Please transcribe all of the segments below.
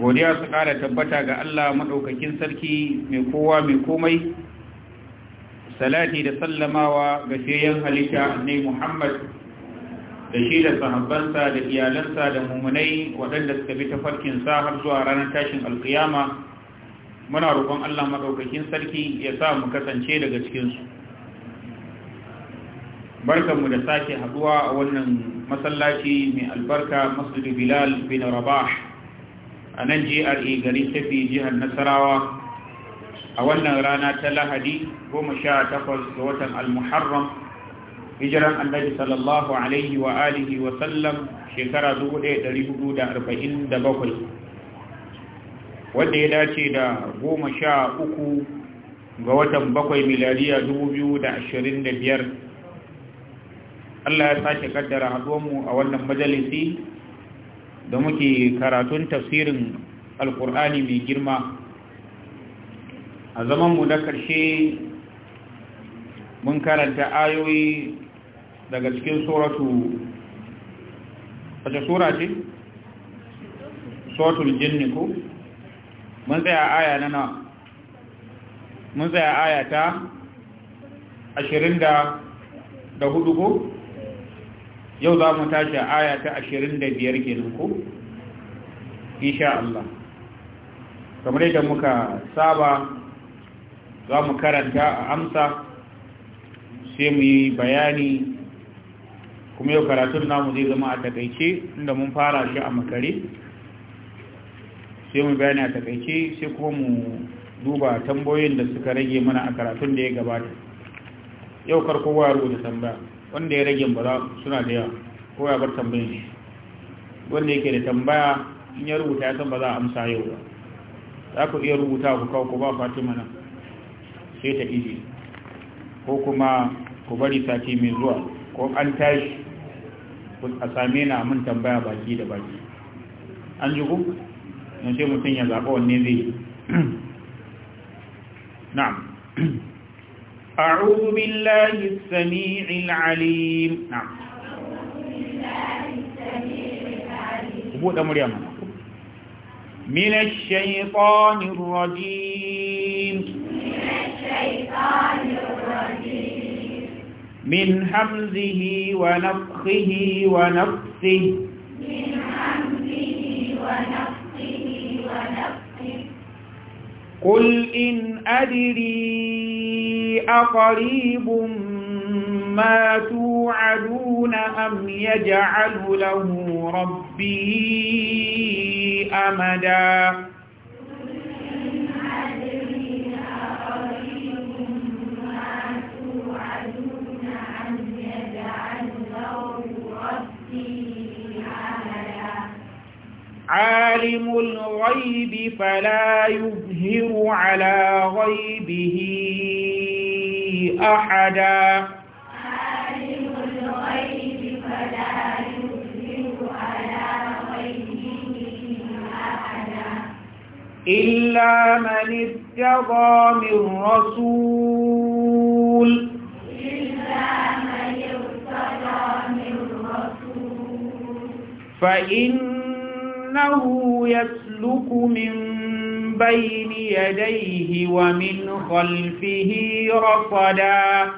godiya su ƙara tabbata ga Allah maɗaukakin sarki mai kowa mai komai salati da sallamawa ga fiyayyen halitta ne Muhammad da shi da sahabbansa da iyalansa da mummunai waɗanda suka bi ta sa har zuwa ranar tashin alkiyama muna roƙon Allah maɗaukakin sarki ya sa mu kasance daga cikinsu barkanmu da sake haɗuwa a wannan masallaci mai albarka masu bilal bin rabah a nan gre gari tafi jihar nasarawa a wannan rana ta lahadi goma sha takwas ga watan almuharram hijiran annabi sallallahu alaihi wa alihi wa sallam shekara 1447 wanda ya dace da goma sha uku ga watan bakwai da 2025 Allah ya sake kaddara haduwanmu a wannan majalisi da muke karatun tafsirin alkur'ani mai girma a zamanmu na ƙarshe mun karanta ayoyi daga cikin suratu wace sura ce? suratul jinni ko? mun tsaya aya na na mun tsaya aya ta ashirin da hudu ko? yau za mu tashi aya ta ashirin da biyar kenan ko insha Allah kamar yadda muka saba za mu karanta a amsa sai mu yi bayani kuma yau karatun namu zai zama a takaice inda mun fara shi a makare sai mu bayani a takaice sai kuma mu duba tambayoyin da suka rage mana a karatun da ya gabata yau karko waru da tambaya wanda ya rage ba suna da yawa ko ya bar tambayin shi wanda yake da tambaya in ya rubuta ya san ba za a amsa yau ba za ku iya rubuta ku kawo ku ba fatima nan sai ta ije ko kuma ku bari sati mai zuwa ko an tashi a same na mun tambaya baki da baki an ji ku yanzu mutum ya zaɓa wanne zai yi na'am أعوذ بالله السميع العليم نعم السميع العليم من الشيطان الرجيم من الشيطان الرجيم من همزه ونفخه ونفسه قل إن أدري أقريب ما توعدون أم يجعل له ربي أمداً عالم الغيب فلا يظهر على غيبه أحدا إلا من ارتضى من رسول إلا من ارتضى من رسول فإن أنه يسلك من بين يديه ومن خلفه رصدا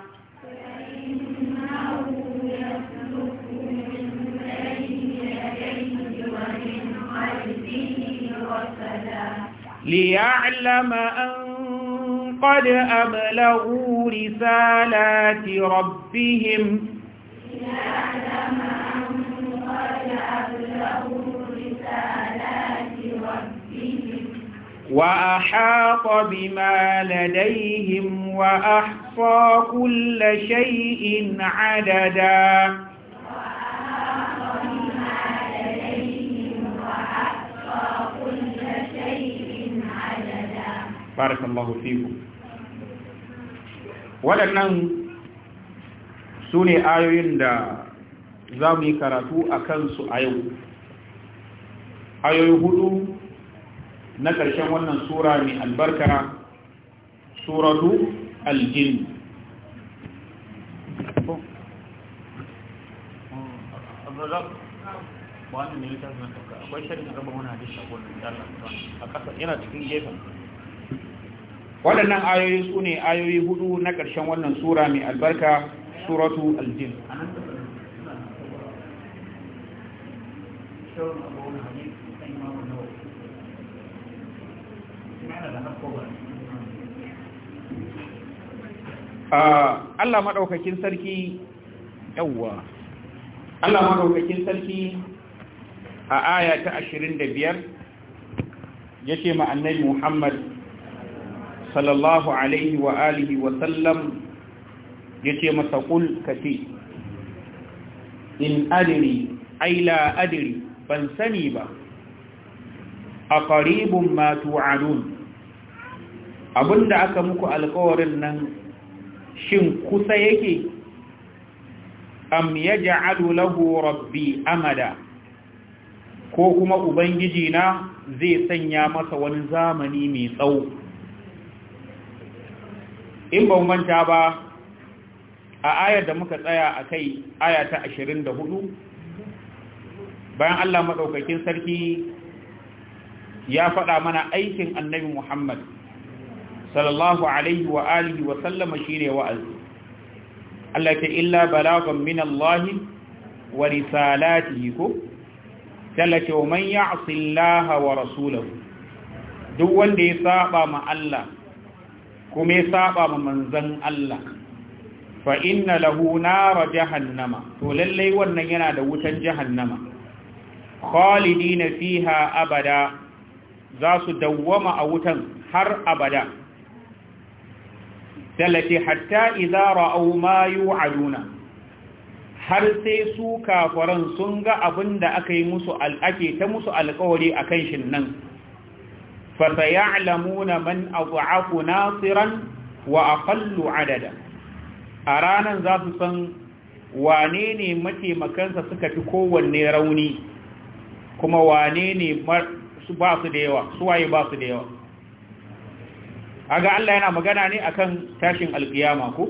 ليعلم أن قد أبلغوا رسالات ربهم ليعلم وأحاط بما لديهم وأحصى كل شيء عددا بارك الله فيكم waɗannan su ne ayoyin da za mu yi karatu a kansu a yau ayoyi huɗu. na ƙarshen wannan sura mai albarka suratu aljin waɗannan ayoyi su ne ayoyi hudu na ƙarshen wannan sura mai albarka suratu aljin Allah maɗaukakin sarki yawwa Allah maɗaukakin sarki a aya ta ashirin da biyar ya ce ma'annai Muhammad sallallahu alaihi wa alihi wa sallam ya ce masa kul kace in adiri aila adiri ban sani ba a ƙaribin ma da aka muku alkawarin nan shin kusa yake am yaj'alu lahu rabbi amada ko kuma ubangiji na zai sanya masa wani zamani mai tsawo in ban manta ba a ayar da muka tsaya a kai aya ta 24 bayan Allah maɗaukakin sarki ya faɗa mana aikin annabi Muhammad sallallahu alaihi wa alihi wa sallama shine wa'azi Allah ta illa balagan min Allah wa risalatihi ko talata wa man ya'si Allah wa rasulahu duk wanda ya saba ma Allah kuma ya saba ma manzon Allah fa inna lahu nar jahannama to lalle wannan yana da wutan jahannama khalidina fiha abada za su dawwama a wutan har abada tallace hatta idza ra'aw ma yu'aduna har sai su kafaran sun ga abin da aka yi musu al'ake ta musu alƙawari akan shin nan fa sayalamuna man adha'u nasiran wa aqallu adada a ranan za su san wane ne mataimakansa suka fi kowanne rauni kuma wane ne ba su da yawa suwaye ba su da yawa aga Allah yana magana ne akan tashin alkiyama ko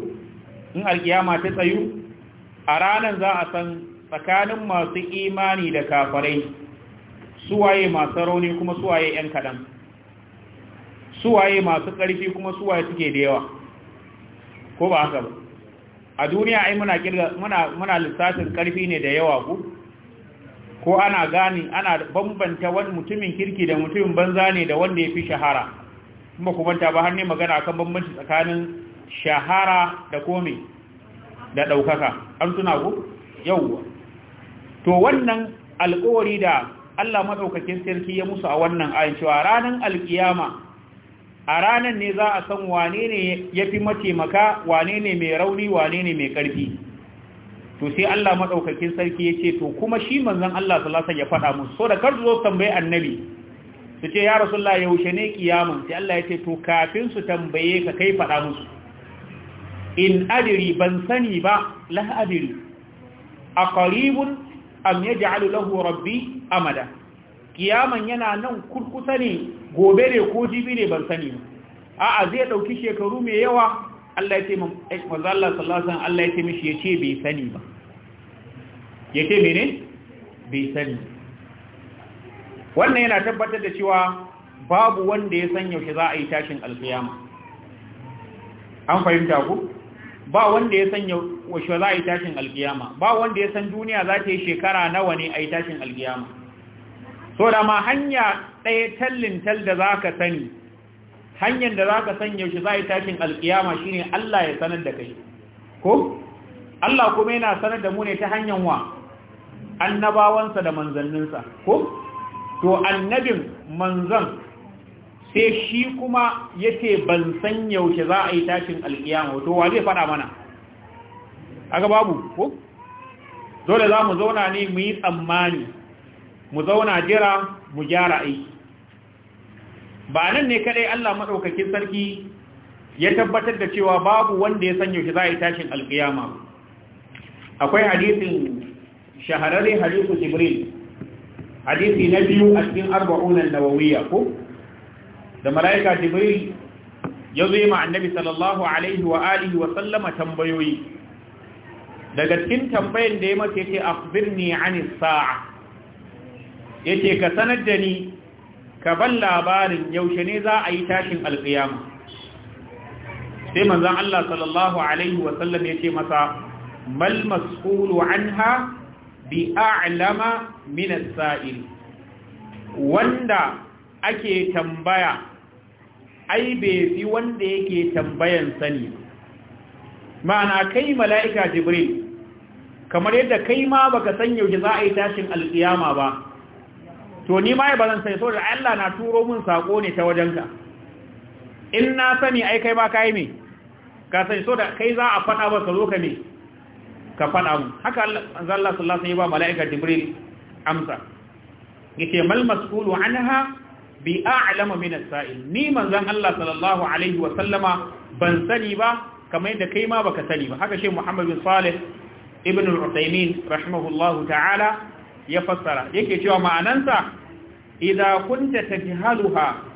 in alkiyama ta tsayu a ranar za a san tsakanin masu imani da kafarai suwaye masu rauni kuma suwaye yan kadan suwaye masu ƙarfi kuma suwaye suke da yawa ko ba haka ba a duniya ai muna kirga muna muna lissafin ƙarfi ne da yawa ko ko ana gani ana bambanta wani mutumin kirki da mutumin banza ne da wanda ya fi shahara kuma ku manta ba har ne magana kan bambanci tsakanin shahara da komai da ɗaukaka an suna ku yawwa to wannan alƙawari da Allah maɗaukakin sarki ya musu a wannan ayin cewa ranar alƙiyama a ranar ne za a san wane ne ya fi mataimaka wane ne mai rauni wane ne mai ƙarfi to sai Allah maɗaukakin sarki ya ce to kuma shi manzan Allah lasa ya faɗa musu so da kar zo tambayi annabi su ce ya ya yaushe ne kiyaman sai Allah ya ce to kafin su tambaye ka kai faɗa musu in adiri ban sani ba la adiri a karibun am ja'alu lahu rabbi amada kiyaman yana nan kurkusa ne gobe ne ko jibi ne ban sani ba a'a zai ɗauki shekaru mai yawa Allah ya ce eh, mazallar Allah Allah ya ce mishi ce bai sani ba Ya yace mene bai sani wannan yana tabbatar da cewa babu wanda ya san yaushe za a yi tashin alkiyama an fahimta ku ba wanda ya san yaushe za a yi tashin alkiyama ba wanda ya san duniya za ta yi shekara nawa ne a yi tashin alkiyama so da ma hanya ɗaya tallintal da za ka sani hanyar da za ka san yaushe za a yi tashin alkiyama shine Allah ya sanar da kai ko Allah kuma yana sanar da mu ne ta hanyar wa annabawansa da manzanninsa ko to annabin manzon sai shi kuma yace ban san yaushe za a yi tashin alkiyama to wa zai fada mana aga babu ko dole za mu zauna ne mu yi tsammani mu zauna jira mu gyara aiki ba nan ne kadai Allah madaukakin sarki ya tabbatar da cewa babu wanda ya san yaushe za a yi tashin alkiyama akwai hadisin shahararri hadisu jibril hadisi na biyu a cikin arba'unan nawawiyya ko da mala'ika jibril ya zo ma annabi sallallahu alaihi wa alihi wa sallama tambayoyi daga cikin tambayan da ya mace ce akhbirni ani sa'a yace ka sanar da ni ka ban labarin yaushe ne za a yi tashin alƙiyama sai manzon Allah sallallahu alaihi wa sallam yace masa mal mas'ulu anha bi a'lama min as-sa'il wanda ake tambaya ai bai fi wanda yake tambayan sani ma'ana kai mala'ika jibril kamar yadda kai ma baka san yaushe za a yi tashin alƙiyama ba to ni ma ba zan so da Allah na turo min sako ne ta wajenka in na sani ai kai ma kai me ka sai da kai za a faɗa ba ka zo ka me ka faɗa mu haka Allah sallallahu alaihi wasallam ba mala'ika jibril amsa yace mal mas'ulu anha bi a'lamu min as-sa'il ni manzon Allah sallallahu alaihi wasallama ban sani ba kamar yadda kai ma baka sani ba haka shi Muhammad bin Salih ibn al-Uthaymeen rahimahullahu ta'ala ya fassara yake cewa ma'anansa idza kunta tajhaluha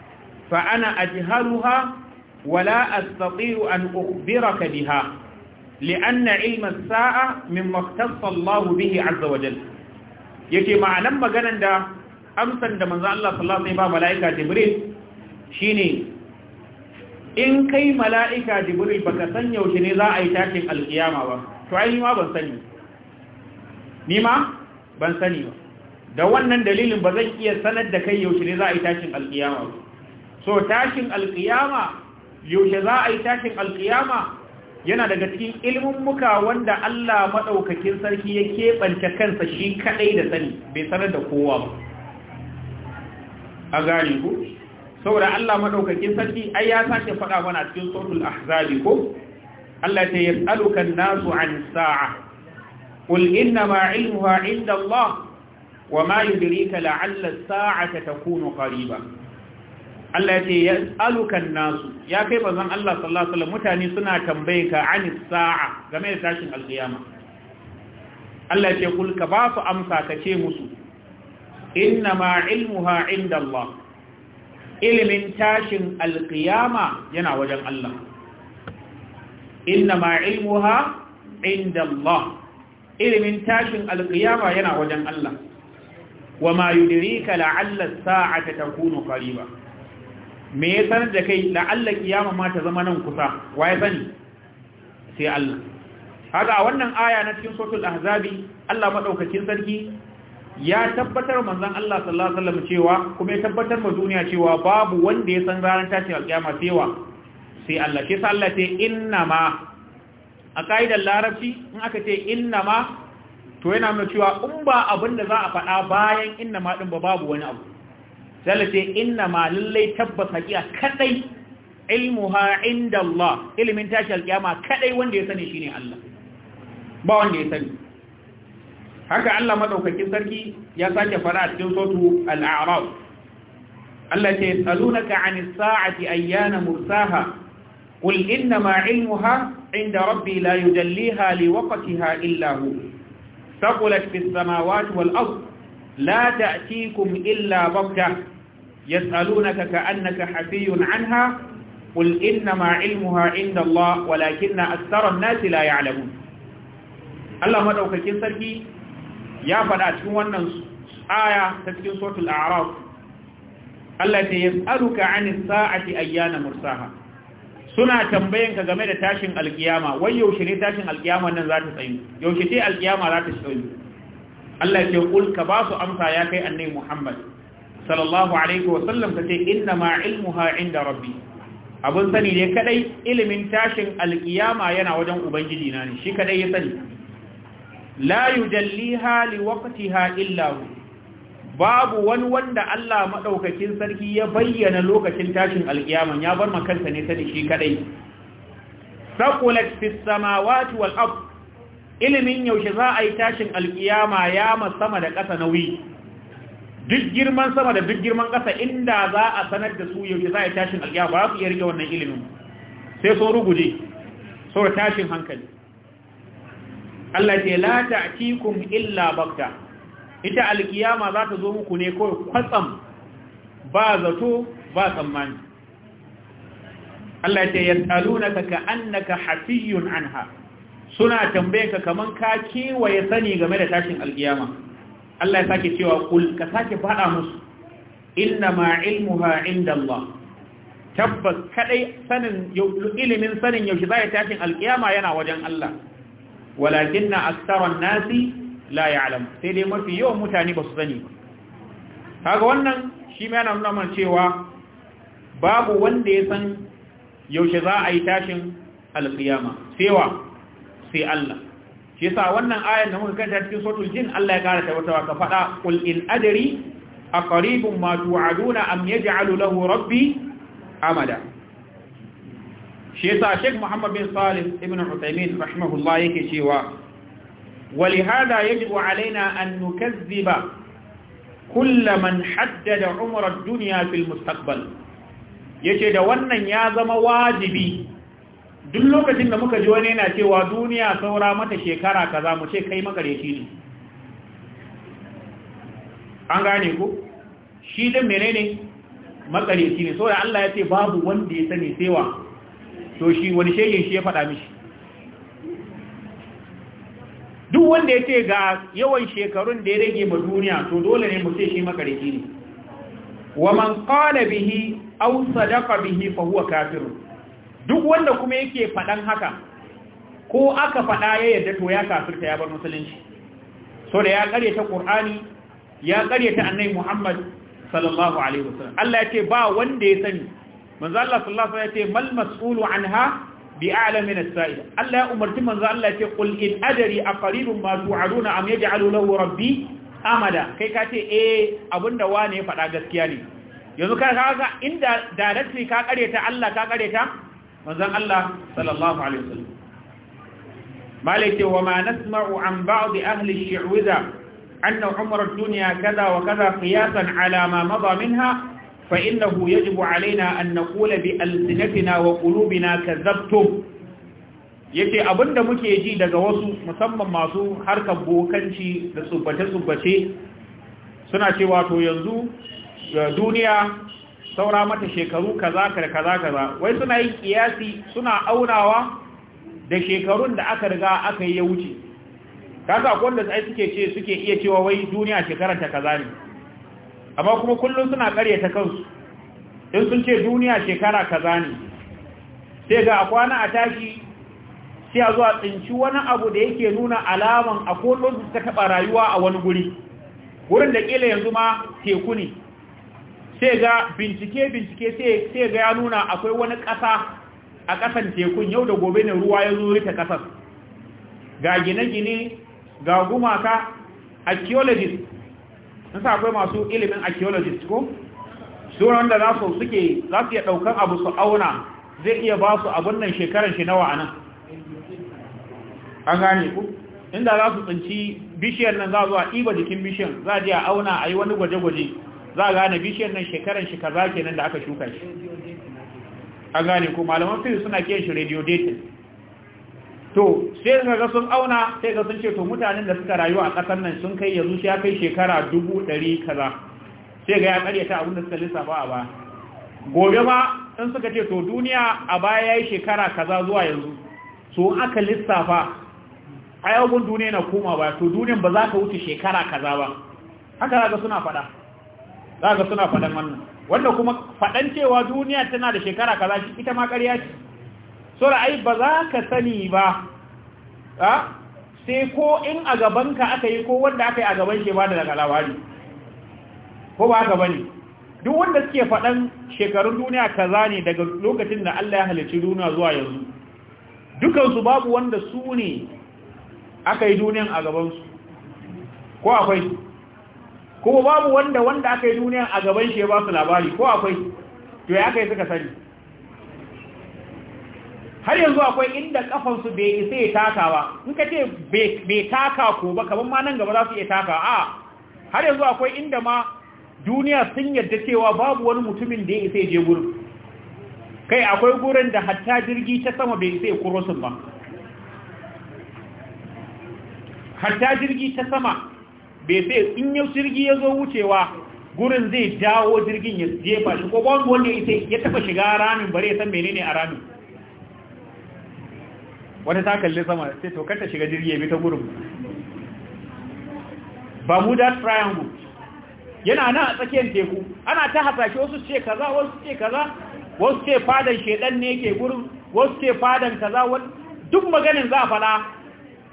fa ana ajhaluha wala astati'u an ukhbiraka biha لأن علم الساعة مما اختص الله به عز وجل yake ma'anan maganan da amsan da manzo Allah sallallahu alaihi wasallam ba mala'ika Jibril shine in kai mala'ika Jibril baka san yaushe ne za a yi tashin alkiyama ba to ai ma ban sani ni ma ban sani ba da wannan dalilin ba zan iya sanar da kai yaushe ne za a yi tashin alkiyama ba so tashin alkiyama yaushe za a yi tashin alkiyama yana daga cikin ilmin muka wanda Allah maɗaukakin sarki ya keɓance kansa shi kaɗai da sani bai sanar da kowa ba a gani ku saboda Allah maɗaukakin sarki ai ya sake faɗa mana cikin sautul ahzabi ko Allah ta yas'aluka an-nasu an sa'a qul inna ma 'ilmuha 'inda Allah wa ma yudrika la'alla as-sa'ata takunu qariba Allah ce ya alukan nasu ya kai bazan Allah sallallahu alaihi wasallam mutane suna tambaye ka anis sa'a game da tashin alkiyama Allah ce kul ka ba su amsa ka ce musu inna ma ilmuha inda Allah ilimin tashin alkiyama yana wajen Allah inna ma ilmuha inda Allah ilimin tashin alkiyama yana wajen Allah wa ma yudrika la'alla as-sa'ata takunu qariba me ya sanar da kai la'alla kiyama ma ta zama nan kusa wa ya sani sai Allah haka a wannan aya na cikin suratul ahzabi Allah madaukakin sarki ya tabbatar manzon Allah sallallahu alaihi wasallam cewa kuma ya tabbatar ma duniya cewa babu wanda ya san ranar tashin alkiyama sai wa sai Allah sai Allah ce inna a kaidar larabci in aka ce inna to yana nuna cewa in ba abin da za a faɗa bayan inna ma din ba babu wani abu zalace inna ma lallai tabbas haƙiƙa kadai ilmuha inda Allah ilimin tashi alƙiyama kadai wanda ya sani shine Allah ba wanda ya sani haka Allah madaukakin sarki ya sake fara a cikin sotu al-a'raf Allah ce yasalunaka 'anis sa'ati ayyana mursaha qul inna ma 'ilmuha 'inda rabbi la yujalliha liwaqtiha illa hu thaqulat fis samawati wal ardh la ta'tikum illa baghtah yas'alunaka ka'annaka hafiyun anha qul innama ilmuha indallah walakinna aktharan nasi la ya'lamun Allah madaukakin sarki ya faɗa cikin wannan aya ta cikin suratul a'raf Allah ya yas'aluka 'anis sa'ati ayyana mursaha suna tambayan game da tashin alkiyama wai yaushe ne tashin alkiyama nan za ta tsayu yaushe ce alkiyama za ta tsayu Allah ya ce kul ka ba su amsa ya kai annabi Muhammad sallallahu alaihi wasallam ta ce inna ma ilmuha inda rabbi abun sani ne kadai ilimin tashin alkiyama yana wajen ubangiji na ne shi kadai ya sani la yujalliha liwaqtiha illa hu babu wani wanda Allah madaukakin sarki ya bayyana lokacin tashin alkiyama ya bar makansa ne sani shi kadai saqulat fis samawati wal ard ilimin yaushe za a yi tashin alkiyama ya sama da ƙasa nauyi duk girman sama da duk girman ƙasa inda za a sanar da su yau za a tashin alƙiya ba su iya rike wannan ilimin sai sun ruguje da tashin hankali Allah ce la ta'tikum illa bakta ita alƙiyama za ta zo muku ne kawai kwatsam ba zato ba tsammani Allah ce ka annaka hafiyun anha suna tambayenka kamar ka kewaye sani game da tashin alƙiyama Allah ya sake cewa kul ka sake faɗa musu innama ma ilmuha inda tabbas kadai sanin ilimin sanin yaushe za ya tashin alkiyama yana wajen Allah walakinna aktharan nasi la ya'lam sai dai mafi yawan mutane ba su sani ba kaga wannan shi ma yana nuna mana cewa babu wanda ya san yaushe za a yi tashin alkiyama sai wa sai Allah shi wannan ayar da muka kanta cikin suratul jin Allah ya kara tabbatawa ka fada qul in a aqribun ma tu'aduna am yaj'alu lahu rabbi amada shi yasa Sheikh Muhammad bin Salih ibn Uthaymeen rahimahullah yake cewa ولهذا يجب علينا أن نكذب كل من حدد عمر duniya fil mustaqbal yace da wannan ya zama wajibi duk lokacin da muka ji wani yana cewa duniya saura mata shekara kaza mu ce kai magareci ne an gane ku shi din menene magareci ne saboda Allah ya ce babu wanda ya sani sewa to shi wani shege shi ya faɗa mishi duk wanda ya ce ga yawan shekarun da ya rage ma duniya to dole ne mu ce shi magareci ne wa man qala bihi aw sadaqa bihi fa huwa kafirun duk wanda kuma yake faɗan haka ko aka faɗa ya yadda to ya kafirta ya bar musulunci so da ya ƙaryata ƙur'ani ya ƙaryata annai muhammad sallallahu alaihi wasallam Allah ya ce ba wanda ya sani manzo Allah sallallahu alaihi wasallam ya ce mal mas'ulu anha bi a'lamin as-sa'il Allah ya umarci manzo Allah ya ce qul in adri aqribun ma tu'aduna am yaj'alu lahu rabbi amada kai ka ce eh abinda wane ya faɗa gaskiya ne yanzu ka ga inda directly ka ƙaryata Allah ka ƙaryata manzon Allah sallallahu alaihi wasallam malike wa ma nasma'u an ba'd ahli shi'wiza anna umra ad-dunya kaza wa kaza qiyasan ala ma mada minha fa innahu yajibu alaina an naqula bi alsinatina wa qulubina kadzabtum yace abinda muke ji daga wasu musamman masu harkar bokanci da tsubbace-tsubbace suna cewa to yanzu eh, duniya saura mata shekaru kaza kaza kaza wai suna yin kiyasi suna aunawa da shekarun da aka riga aka yi ya wuce kaga akwai sai suke ce suke iya cewa wai duniya shekarar ta kaza ne amma kuma kullun suna ta kansu in sun ce duniya shekara kaza ne sai ga akwana a tashi sai a zuwa tsinci wani abu da yake nuna alaman a kullun ta taɓa rayuwa a wani guri gurin da kila yanzu ma teku ne sai ga bincike bincike sai ga ya nuna akwai wani ƙasa a ƙasan tekun yau da gobe ne ruwa ya zo rike ƙasar ga gine-gine ga gumaka archaeologist sa akwai masu ilimin archaeologist ko suran da za su suke za su iya ɗaukan abu su auna zai iya ba su abin nan shekarar shi nawa a nan an gane ku inda za su tsinci bishiyar nan za zuwa ɗiba jikin bishiyar za a je a auna a yi wani gwaje-gwaje za a gane bishiyar nan shekaran shi kaza kenan da aka shuka shi a gane ko malaman fiye suna kiyan shi radio dating to sai ka ga sun auna sai ga sun ce to mutanen da suka rayu a ƙasar nan sun kai yanzu ya kai shekara dubu ɗari kaza sai ga ya ta abin da suka lissafa a ba gobe ba, in suka ce to duniya a baya ya yi shekara kaza zuwa yanzu so aka lissafa a yawon duniya na koma ba to duniyan ba za ka wuce shekara kaza ba haka za suna faɗa za ga suna faɗan wannan wanda kuma faɗan cewa duniya tana da shekara kaza shi ita ma ƙarya ce so ai ba za ka sani ba a sai ko in a gabanka aka yi ko wanda aka yi a gaban shi ba da daga labari ko ba haka bane duk wanda suke faɗan shekarun duniya kaza ne daga lokacin da Allah ya halicci duniya zuwa yanzu dukansu babu wanda su ne aka yi duniyan a gabansu ko akwai kuma babu wanda wanda aka yi duniya a gaban shi ya ba su labari ko akwai to ya aka yi suka sani har yanzu akwai inda kafansu bai isa ya taka ba in ka ce bai taka ko ba kamar ma nan gaba za su iya taka a har yanzu akwai inda ma duniya sun yadda cewa babu wani mutumin da ya isa ya je gurin kai akwai gurin da hatta jirgi ta sama bai isa ya kurosin ba hatta jirgi ta sama bai sai in yau jirgi ya zo wucewa gurin zai dawo jirgin ya jefa shi ko wanda ya taba shiga ramin bare ya san menene a ramin Wani ta kalli sama sai to kanta shiga jirgi ya bi ta gurin Bermuda Triangle yana nan a tsakiyar teku ana ta hasashe wasu ce kaza wasu ce kaza wasu ce fadan shedan ne yake gurin wasu ce fadan kaza duk maganin za a fada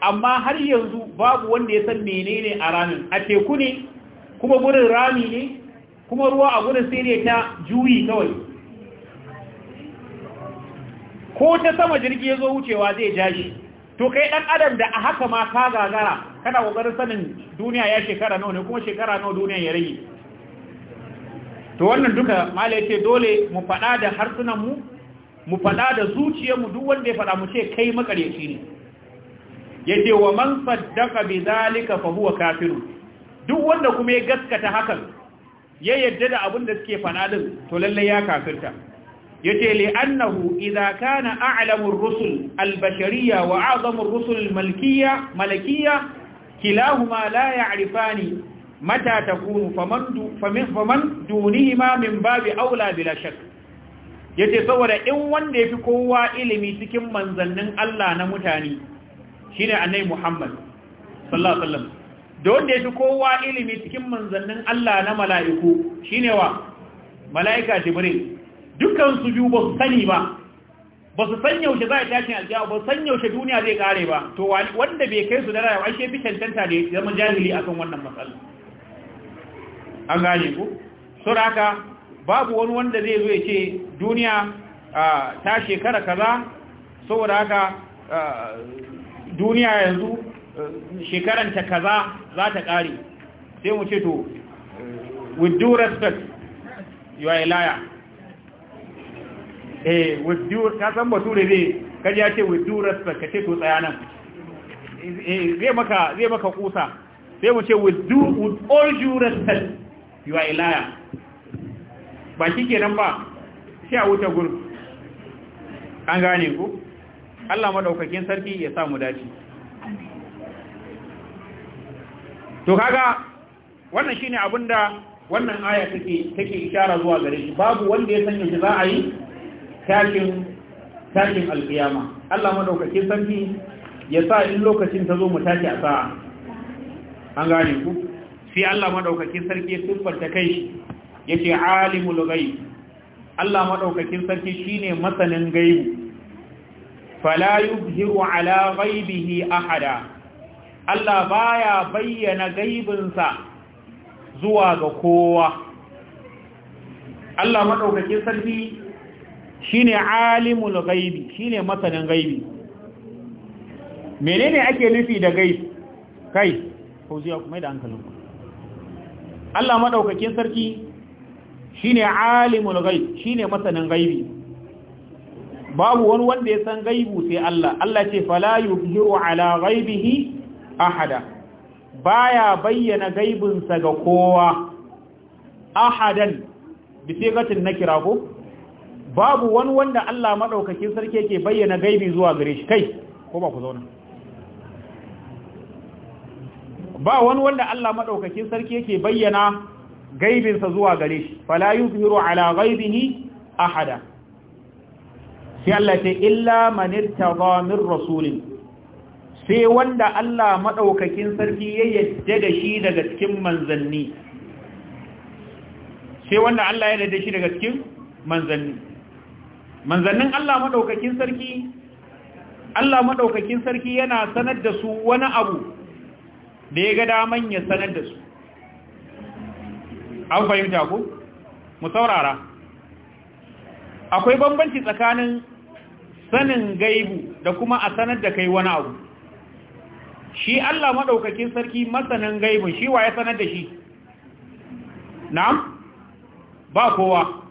amma har yanzu babu wanda ya san menene a ramin a teku ne kuma gurin rami ne kuma ruwa a gurin sai ne ta juyi kawai ko ta sama jirgi ya zo wucewa zai ja shi to kai dan adam da a haka ma ka gagara kana kokarin sanin duniya ya shekara nawa ne kuma shekara nawa duniya ya rage to wannan duka mala yace dole mu fada da harsunan mu mu fada da zuciyarmu duk wanda ya fada mu ce kai makaryaci ne yace wa man saddaqa zalika fa huwa kafirun duk wanda kuma ya gaskata hakan ya yadda da abin da suke fanadin to lalle ya kafirta yace li annahu idza kana a'lamu ar-rusul al-bashariyya wa a'zamu ar-rusul al-malkiyya malakiyya kilahuma la ya'rifani mata takunu faman famin faman dunihima min babi aula bila shak. yace saboda in wanda yafi kowa ilimi cikin manzannin Allah na mutane shine annabi Muhammad sallallahu alaihi wasallam da wanda yafi kowa ilimi cikin manzannin Allah na mala'iku shine wa mala'ika Jibril dukan su biyu ba su sani ba ba su san yaushe za a tashin aljiya ba san yaushe duniya zai kare ba to wanda bai kai su da rayuwa ashe fi cancanta da ya zama jahili akan wannan matsala an gane ku suraka babu wani wanda zai zo ya ce duniya ta shekara kaza saboda haka duniya yanzu eh, shekaranta kaza za ta ƙari, sai mu ce to with due respect you are a liar eh with due ka san ne zai kaji ya ce with due respect ka ce to tsaya nan eh, zai maka zai maka kusa sai mu ce with due with all due respect you are a liar ba shi kenan ba sai a wuce gurin an gane ku Allah madaukakin sarki ya samu dace to kaga wannan shine abinda wannan aya take take ishara zuwa gare shi babu wanda ya sanya shi za a yi tashin tashin alkiyama Allah madaukakin sarki ya sa in lokacin ta zo mu tashi a sa'a an gane ku sai Allah madaukakin sarki ya siffanta kai yace alimul ghaib Allah madaukakin sarki shine masanin gaibi fala yubhiru ala ghaibihi ahada Allah baya bayyana gaibinsa zuwa ga kowa Allah madaukakin sarki shine alimul ghaibi shine masanin ghaibi menene ake nufi da gaibi kai fauziya kuma da hankalin Allah madaukakin sarki shine alimul ghaib shine masanin ghaibi babu wani wanda ya san gaibu sai Allah Allah ce fala yuhiru ala ghaibihi ahada baya bayyana gaibinsa ga kowa ahadan bi sigatin nakira ko babu wani wanda Allah madaukakin sarki yake bayyana gaibi zuwa gare shi kai ko ba ku zauna ba wani wanda Allah madaukakin sarki yake bayyana gaibinsa zuwa gare shi fala yuhiru ala ghaibihi ahada sai Allah ce illa man irtada min rasulin sai wanda Allah madaukakin sarki ya daga shi daga cikin manzanni sai wanda Allah ya yadda shi daga cikin manzanni manzannin Allah madaukakin sarki Allah madaukakin sarki yana sanar da su wani abu da ya ga daman ya sanar da su an fahimta ku mu saurara akwai bambanci tsakanin sanin gaibu da kuma a sanar da kai wani abu shi Allah madaukakin sarki masanin gaibun shi wa ya sanar da shi na'am ba kowa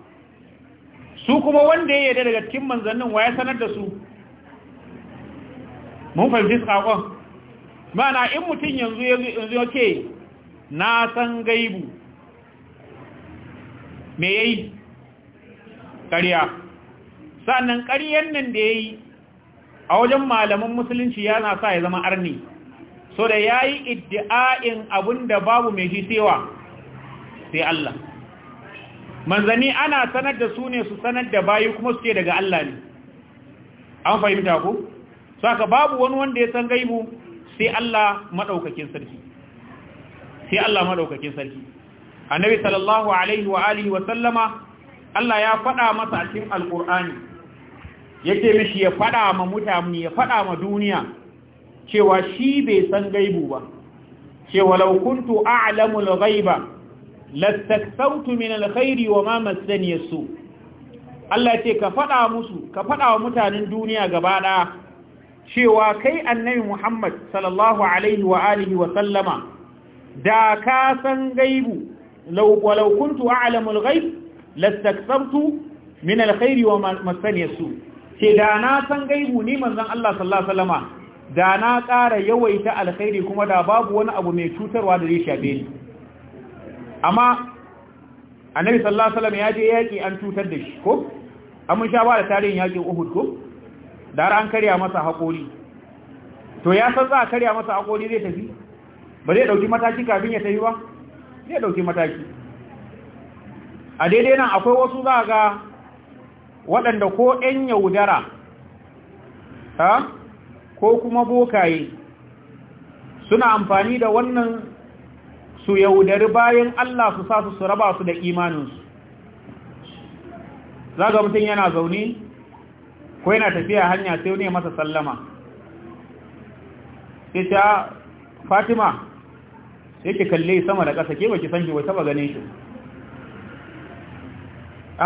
su kuma wanda ya yarda daga cikin manzannin wa ya sanar da su mun fahimci sakon mana in mutum yanzu yanzu yake na san gaibu me yayi ƙarya sannan ƙaryen nan da ya yi a wajen malaman musulunci yana sa ya zama arni so da ya yi iddi'a'in abin da babu mai shi sewa sai Allah manzanni ana sanar da su ne su sanar da bayi kuma su ce daga Allah ne an fahimta ku saka babu wani wanda ya san gaibu sai Allah maɗaukakin sarki sai Allah maɗaukakin sarki annabi sallallahu alaihi wa alihi wa sallama Allah ya faɗa masa a cikin alƙur'ani yake mishi ya fada ma mutane ya fada ma duniya cewa shi bai san gaibu ba cewa law kuntu a'lamu al-ghaiba lastakthawtu min al-khairi wa ma massani as Allah ce ka fada musu ka fada wa mutanen duniya gaba daya cewa kai annabi Muhammad sallallahu alaihi wa alihi wa sallama da ka san gaibu law walau kuntu a'lamu al-ghaib lastakthawtu min al-khairi wa ma massani as ce da na san gaibu ni manzon Allah sallallahu alaihi wasallama da na ƙara yawaita alkhairi kuma da babu wani abu mai cutarwa da zai shafe ni amma annabi sallallahu alaihi wasallam ya je yaki an cutar da shi ko amma sha ba da tarihin yakin Uhud ko da har an karya masa hakori to ya san za a karya masa hakori zai tafi ba zai dauki mataki kafin ya tafi ba zai dauki mataki a daidai nan akwai wasu za ga waɗanda ko 'yan yaudara ha ko kuma bokaye suna amfani da wannan su yaudari bayan Allah su sa su raba su da imaninsu ga mutum yana zaune ko yana tafiya hanya sai ne masa sallama sai ta fatima sai kalle sama da ƙasa ke baki san wata ba ganin shi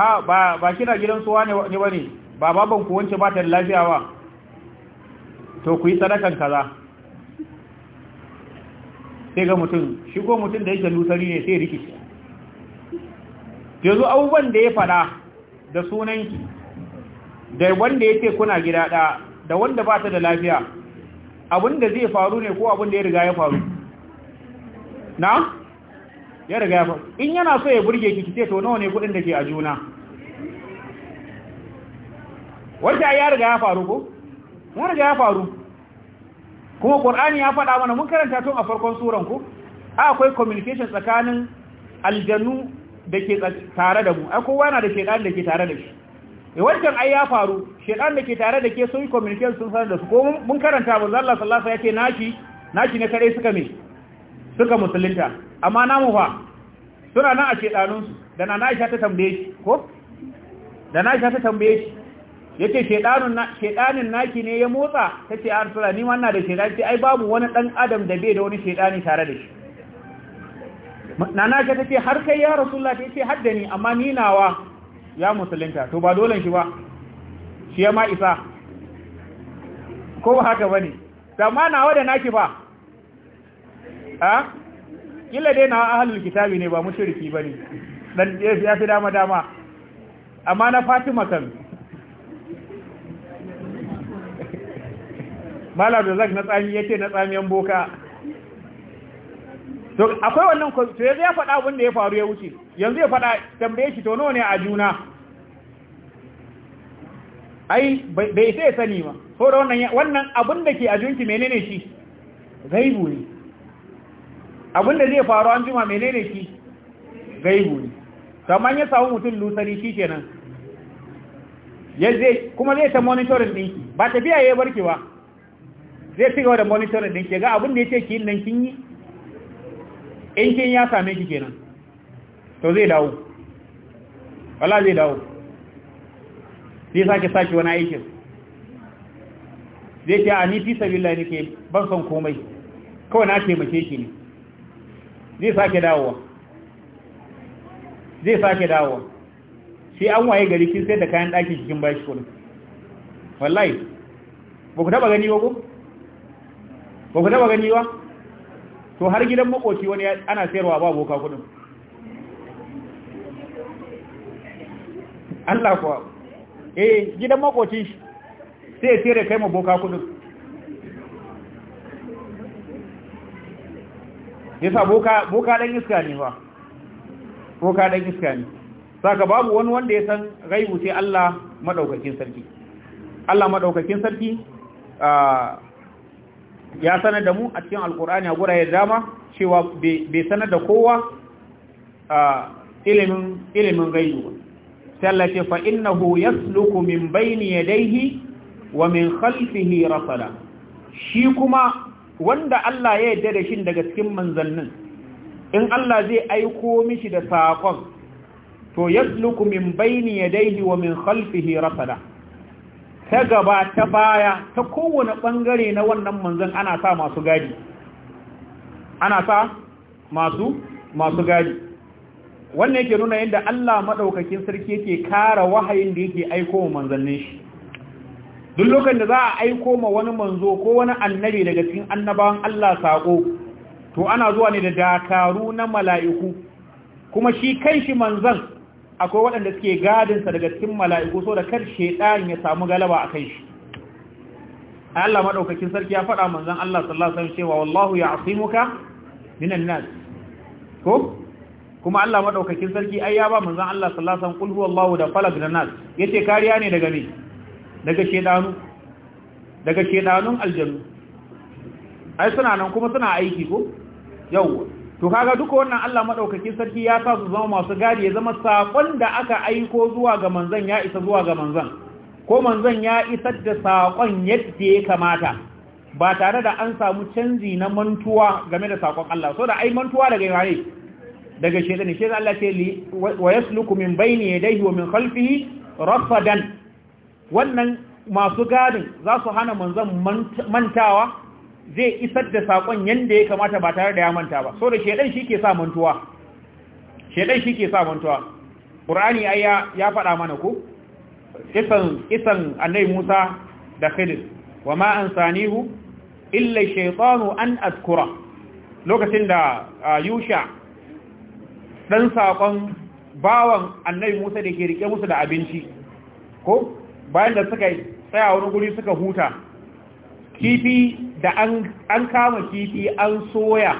ah ba ba kina gidan suwa ne ne bane ba baban ku wance ba ta lafiya ba to ku yi sadakan kaza sai ga mutum shigo mutum da yake lusari ne sai riki yanzu abubuwan da ya fada da sunanki da wanda ya kuna gida ɗaya da wanda ba ta da lafiya abin da zai faru ne ko abin da ya riga ya faru na? ya riga ya in yana so ya burge ki ce to nawa ne kudin da ke a juna wanda ya riga ya faru ko mun riga ya faru kuma qur'ani ya faɗa mana mun karanta tun a farkon suran ku akwai communication tsakanin aljanu da ke tare da mu akwai wani yana da shedan da ke tare da shi e wancan ai ya faru shedan da ke tare da ke sun communication sun san da su ko mun karanta manzo Allah sallallahu alaihi wasallam yake naki naki ne kare suka me suka musulunta amma namu fa suna nan a shedanunsu da na Aisha ta tambaye shi ko da na Aisha ta tambaye shi yace shedanun na shedanin naki ne ya motsa tace a Rasulullah ni wannan da shedan ce ai babu wani dan adam da bai da wani shedani tare da shi nana ta tace har kai ya Rasulullah tace haddani amma ni nawa ya musulunta to ba dolen shi ba shi ya ma isa ko ba haka bane ma nawa da naki ba a ah? kila dai na ahlul kitabi ne ba mushriki bane dan ya fi dama dama amma na Fatima kan Malam da zak na tsami yace na tsamiyan boka to akwai wannan to yanzu ya faɗa abin da ya faru ya wuce yanzu ya faɗa tambaye shi to nawa ne a juna ai bai sai sani ba Ko da wannan wannan abin da ke a junki menene shi gaibu ne abin da zai faru an juma menene shi gaibu ne kamar ya samu mutum lusari shi kenan ya kuma zai ta monitorin ɗinki ba tafiya ya barke ba zai ci gaba da monitorin ɗinki ga abin da ya ce ki yin nan kin yi in kin ya same ki kenan to zai dawo wala zai dawo zai sake sake wani aikin zai ce a ni fi sabila ke, ban son komai kawai na taimake shi ne zai sake dawowa zai sake dawowa sai an waye gari kin sai da kayan ɗakin cikin bashi kuɗi wallahi ba ku taɓa gani ba ko ba ku taɓa gani ba to har gidan makoci wani ana sayarwa ba boka kuɗin Allah kuwa eh gidan makocin shi sai ya sayar kai ma boka kuɗin yasa boka boka dan iska ne ba boka dan iska ne saka babu wani wanda ya san ghaibu sai Allah madaukakin sarki Allah madaukakin sarki ya sanar da mu a cikin alkur'ani a gura ya dama cewa bai sanar da kowa ilimin ilimin gaibu sai Allah ce fa innahu yasluku min bayni yadayhi wa min khalfihi rasala shi kuma wanda Allah ya yarda da shi daga cikin manzannin in Allah zai aiko mishi da saƙon to yasluku min bayni yadayhi wa min khalfihi rasada ta gaba ta baya ta kowane bangare na wannan manzan ana sa masu gadi ana sa masu masu gadi wannan yake nuna yadda Allah madaukakin sarki yake kara wahayin da yake aiko wa manzannin shi duk lokacin da za a aiko ma wani manzo ko wani annabi daga cikin annabawan Allah sako to ana zuwa ne da dakaru na mala'iku kuma shi kanshi manzon akwai waɗanda suke gadinsa daga cikin mala'iku so da kar shedan ya samu galaba a kai shi Allah madaukakin sarki ya faɗa manzon Allah sallallahu alaihi wasallam cewa wallahu ya'simuka minan nas ko kuma Allah madaukakin sarki ai ya ba manzon Allah sallallahu alaihi wasallam kulhu wallahu da falaq da nas yace kariya ne daga ni daga shedanu daga shedanun aljanu ai suna nan kuma suna aiki ko yawa to kaga duka wannan Allah madaukakin sarki ya sa su zama masu gadi ya zama sakon da aka aiko zuwa ga manzon ya isa zuwa ga manzon ko manzon ya isar da sakon yadda ya kamata ba tare da an samu canji na mantuwa game da sakon Allah so da ai mantuwa daga yare daga shedan shedan Allah ce li wa yasluku min bayni yadayhi wa min khalfihi rafadan wannan masu gadin za su hana manzan mantawa zai isar da sakon yadda ya kamata ba tare da ya manta ba so da shaidan shi ke sa mantuwa shaidan shi ke sa mantuwa qur'ani ya faɗa mana ko isan isan annabi Musa da Khidir wa ma Sanihu illa shaytanu an azkura lokacin da Yusha ɗan saƙon bawan annabi Musa da ke rike musu da abinci ko bayan da suka tsaya wani guri suka huta kifi da an kama kifi an soya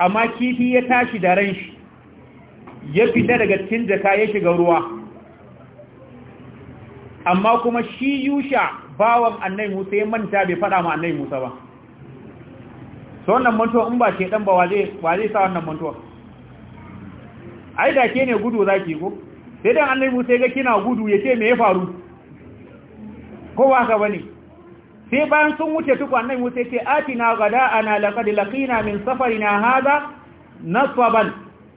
amma kifi ya tashi da ran shi ya fita daga cikin jaka ya shiga ruwa amma kuma shi yusha bawan annai musa ya manta bai fada ma annai musa ba so wannan mantuwa in ba ce dan ba wa zai sa wannan mantuwa ai da ke ne gudu zaki ko sai dan annai musa ya ga kina gudu ya ce me ya faru ko ba ka bane sai bayan sun wuce tuku nan wuce ce atina ana laqad laqina min na hadha ya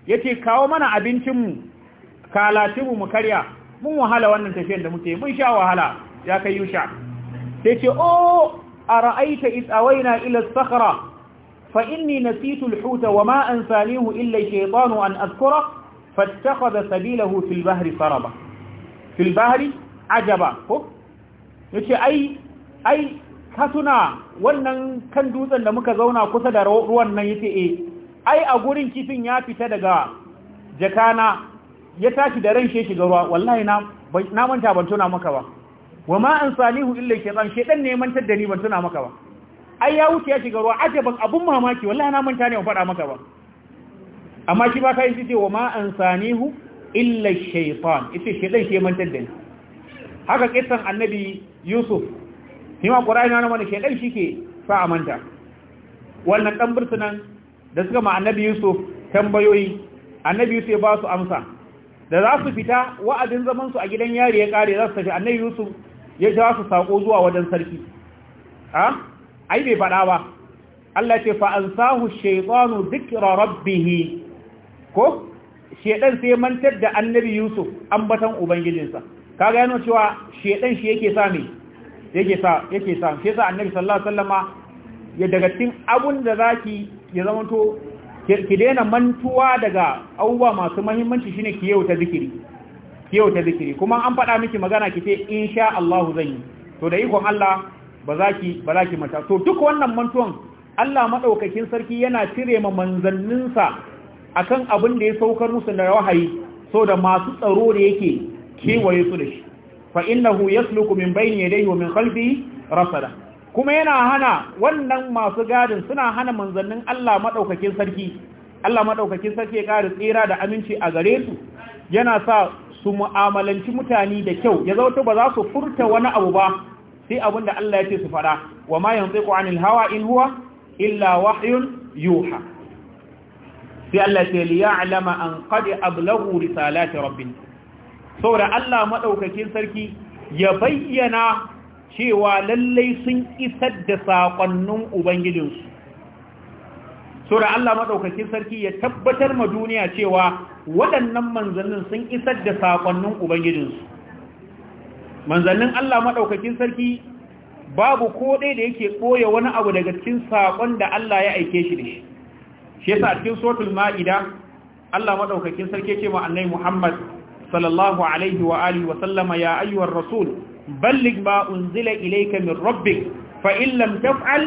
yace kawo mana abincin mu mu karya mun wahala wannan tafiyar da muke mun sha wahala ya kai yusha sai ce o ara'aita is awaina ila as-sakhra fa inni na al-huta wa ma ansanihu illa banu an azkura fattakhadha sabilahu fil saraba filbahari ajaba ko yace ai ai ka tuna wannan kan dutsen da muka zauna kusa da ruwan nan yace eh ai a gurin kifin ya fita daga jakana ya tashi da ran shi shiga ruwa wallahi na na manta ban tuna maka ba wa ma an salihu illa shaytan shaytan ne mantar da ni ban tuna maka ba ai ya wuce ya shiga ruwa ajaban abun mamaki wallahi na manta ne ban faɗa maka ba amma shi ba ka yi cewa wa ma an sanihu illa shaytan ita shaytan shi mantar da ni haka kissan annabi yusuf shi ma ƙura'in na wani shaidan shi ke sa a manta wannan ɗan birtunan da suka ma annabi yusuf tambayoyi annabi yusuf ya ba su amsa da za su fita wa'adin zamansu a gidan yari ya ƙare za su tafi annabi yusuf ya ja su saƙo zuwa wajen sarki a ai bai faɗa ba Allah ce fa'ansahu shaitanu zikira rabbihi ko shaidan sai mantar da annabi yusuf ambatan ubangijinsa kaga yana cewa shedan shi yake sa me yake sa yake sa shi sa annabi sallallahu alaihi wasallama ya daga cikin abun da zaki ya zamanto ki daina mantuwa daga abubuwa masu muhimmanci shine ki yau ta zikiri ki yau ta zikiri kuma an faɗa miki magana ki ce insha Allah zan yi to da ikon Allah ba za ba zaki mata to duk wannan mantuwan Allah madaukakin sarki yana cire ma manzanninsa akan abin da ya saukar musu da wahayi so da masu tsaro da yake kewaye su da shi fa innahu yasluku min bayni yadayhi wa min khalfihi rasada kuma yana hana wannan masu gadin suna hana manzannin Allah madaukakin sarki Allah madaukakin sarki ya kare tsira da aminci a gare su yana sa su mu'amalanci mutane da kyau ya zauta ba za su furta wani abu ba sai abin da Allah ya ce su faɗa. wa ma yanziqu anil hawa in huwa illa wahyun yuha sai Allah ya ce li ya'lama an qad ablaghu risalati rabbihim saboda Allah maɗaukakin sarki ya bayyana cewa lallai sun isar da saƙonnin Ubangijinsu. Saboda Allah maɗaukakin sarki ya tabbatar ma duniya cewa waɗannan manzannin sun isar da saƙonnin Ubangijinsu. Manzannin Allah maɗaukakin sarki babu ko ɗaya da yake ɓoye wani abu daga cikin saƙon da Allah ya aike shi da shi. Shi yasa cikin sotul ma'ida Allah maɗaukakin sarki ce ma annai Muhammad صلى ya عليه rasul وسلم يا أيها الرسول بلغ ما أنزل إليك من ربك فإن لم تفعل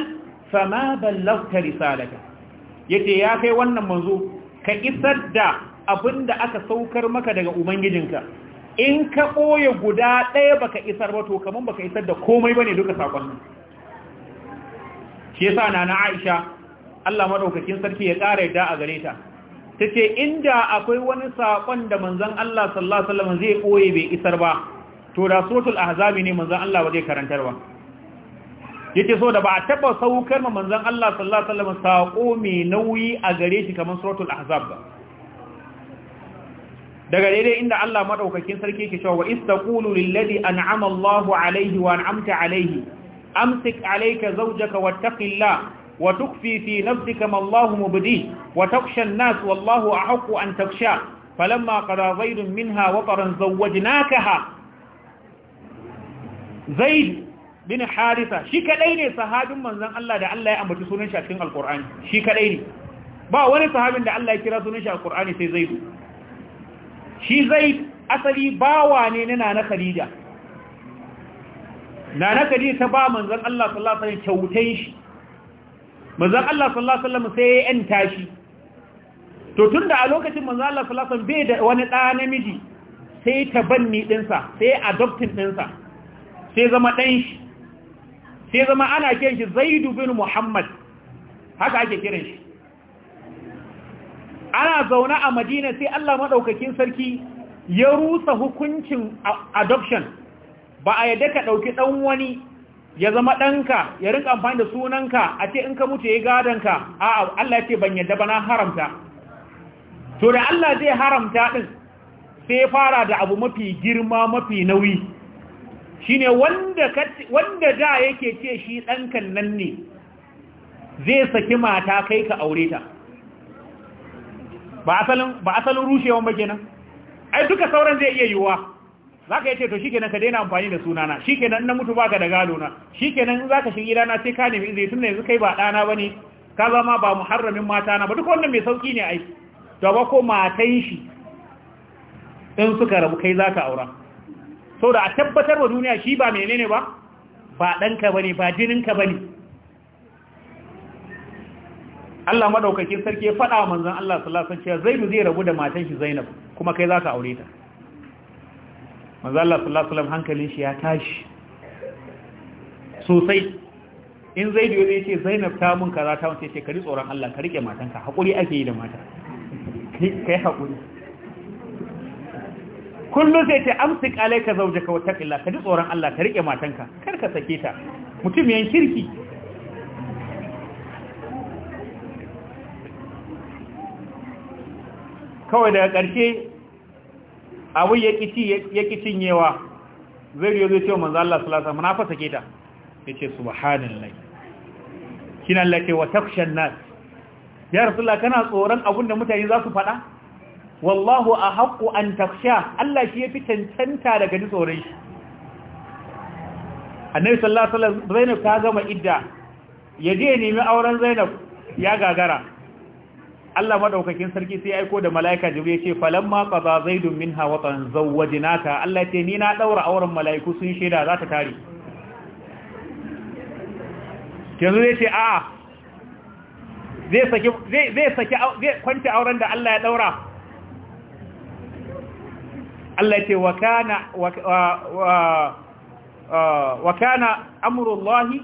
فما بلغت رسالته yace ya kai wannan manzo ka isar da abinda aka saukar maka daga ubangijinka in ka ɓoye guda ɗaya baka isar ba to kaman baka isar da komai ba ne duka sakon shi yasa nana Aisha Allah maɗaukacin sarki ya ƙara yadda a gare ta ta ce inda akwai wani saƙon da manzan Allah sallallahu Alaihi wasallam zai ɓoye bai isar ba to da sotul ahzabi ne manzan Allah ba zai karantar ba yake so da ba a taɓa saukar ma manzan Allah sallallahu Alaihi wasallam saƙo mai nauyi a gare shi kamar sotul ahzab ba daga daidai inda Allah maɗaukakin sarki ke cewa wa istaqulu lilladhi an'ama Allahu alaihi wa an'amta alaihi amsik alayka zawjaka wattaqillah وتخفي في نفسك ما الله مبديه وتخشى الناس والله أحق أن تخشى فلما قضى زيد منها وطرا زوجناكها زيد bin harisa shi kadai ne sahabin manzon Allah da Allah ya ambaci sunan shi a cikin alkur'ani shi kadai ne ba wani sahabin da Allah ya kira sunan shi a alkur'ani sai zaid shi zaid asali bawa ne na nana khadija nana ta ba manzon Allah sallallahu alaihi kyautai shi manzan Allah sallallahu alaihi wasallam sai ya yanta shi to tunda a lokacin manzan Allah sallallahu alaihi wasallam bai da wani ɗa namiji sai ta banni ɗinsa sai adoptin ɗinsa sai zama ɗan shi sai zama ana kiran shi zaidu bin muhammad haka ake kiran shi ana zaune a madina sai allah maɗaukakin sarki ya rusa hukuncin adoption ba a yadda ka ɗauki ɗan wani ya zama ɗanka ya rinka amfani da sunanka a ce in ka mutu ya yi ka. a Allah ce ban yadda ba na haramta to da Allah zai haramta ɗin sai fara da abu mafi girma mafi nauyi Shi ne wanda da yake ce shi ɗankan nan ne zai saki mata kai ka aure ta ba asalin rushewa ba kenan ai duka sauran zai iya yiwuwa za ka yace to shikenan ka daina amfani da sunana shikenan na mutu baka da gado na kenan in ka shiga gidana sai ka nemi izini tunda yanzu kai ba ɗana ba ne ka zama ba muharramin mata na ba duk wannan mai sauki ne ai to ba ko matan shi in suka rabu kai za ka aura saboda a tabbatar wa duniya shi ba menene ba ba danka bane ba jininka bane Allah madaukakin sarki ya faɗa wa manzon Allah sallallahu alaihi wasallam cewa Zainab zai rabu da matan shi Zainab kuma kai za ka aure ta manzo Allah sallallahu alaihi hankalin shi ya tashi sosai in zai ya ce zainab ta mun kaza ta wace ce kari tsoron Allah ka rike matanka hakuri ake yi da mata kai hakuri kullum sai ta amsik alaika zaujaka wa taqilla ka ji tsoron Allah ka rike matanka kar ka sake ta mutum yan kirki kawai daga ƙarshe abu ya ƙi cinyewa zai riyo zai cewa manzo Allah sallallahu alaihi wasallam na fasa keta yace subhanallahi kina lake wa takshan nas ya rasulullah kana tsoron abun da mutane za su faɗa wallahu a ahaqqu an taksha Allah shi ya fi cancanta daga ji tsoron shi annabi sallallahu alaihi wasallam Zainab ta gama idda yaje nemi auren Zainab ya gagara Allah madaukakin sarki sai aiko da malaika jibril yace falamma qada zaidun minha watan zawwajnaka Allah ce ni na daura auren malaiku sun sheda za ta tare yanzu zai ce a zai saki zai saki zai kwanta auren da Allah ya daura Allah ce wa kana wa kana amrullahi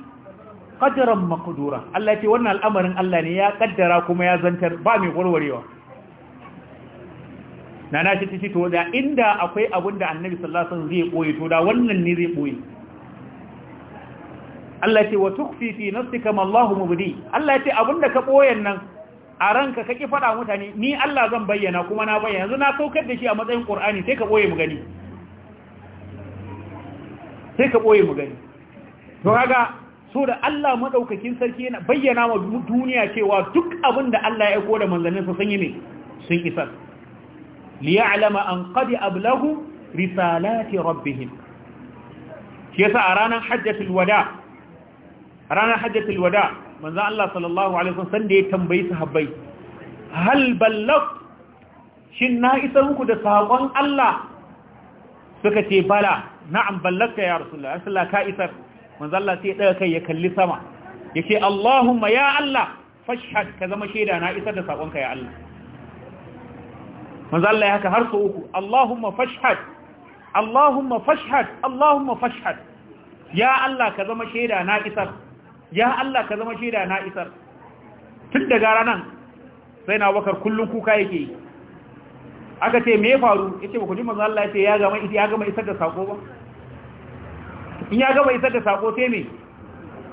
qadaran maqdura Allah ce wannan al'amarin Allah ne ya kaddara kuma ya zantar ba mai warwarewa nana shi tace to da inda akwai abin da Annabi sallallahu alaihi wasallam zai ɓoye to da wannan ne zai ɓoye. Allah ce wa tukfi fi nafsika ma Allahu mubdi Allah ce da ka boyen nan a ranka kake fada mutane ni Allah zan bayyana kuma na bayyana yanzu na saukar da shi a matsayin Qur'ani sai ka boye mu gani sai ka boye mu gani to kaga so da Allah madaukakin sarki yana bayyana wa duniya cewa duk abin da Allah ya aiko da manzanninsa sun ne sun isa liya'lama an qad ablahu risalati rabbihim shi yasa a ranar hajjatul wada ranar hajjatul wada manzon Allah sallallahu alaihi wasallam da ya tambayi sahabbai hal ballag shin na isa muku da sakon Allah suka ce bala na'am ballagta ya rasulullah sallallahu ka isar manzo sai ɗaga kai ya kalli sama ya ce Allahumma ya Allah fashhad ka zama shaida na isar da saƙonka ya Allah manzo ya haka har su uku Allahumma fashhad Allahumma fashhad Allahumma fashhad ya Allah ka zama shaida na isar ya Allah ka zama shaida na isar tun daga ranan sai na bakar kullum kuka yake yi aka ce me faru? ya ce ba ku ji manzo ya ce ya gama isar da saƙo ba in ya gaba isar da sako sai me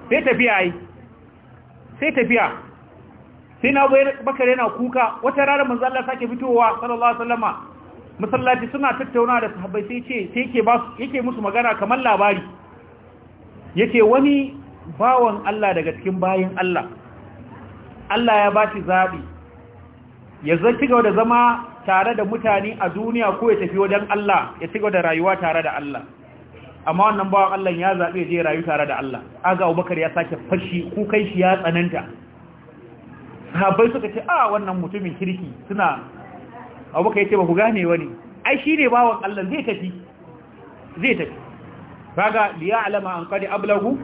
sai tafiya yi sai tafiya sai na bakare yana kuka wata rara manzan sake fitowa sallallahu alaihi masallaci suna tattauna da sahabbai sai ce sai yake musu magana kamar labari yake wani bawan Allah daga cikin bayan Allah Allah ya shi zaɓi ya zaki ga da zama tare da mutane a duniya ko ya tafi wajen Allah ya cigaba da rayuwa tare da Allah amma wannan bawan Allah ya zabe je rayu tare da Allah aga Abubakar ya sake fashi ku kai shi ya tsananta sahabbai suka ce a ah, wannan mutumin kirki suna Abubakar yace ba ku gane wani ai shine bawan Allah zai tafi zai tafi kaga liya'lama an qad ablagu